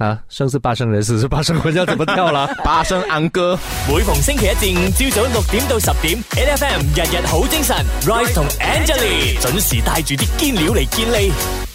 啊！生是八生人，死是八生鬼，要怎麼跳啦！八 生安哥每逢星期一至五朝早六點到十點，N F M 日日好精神 ，Royce 同 Angeline 準時帶住啲堅料嚟健力。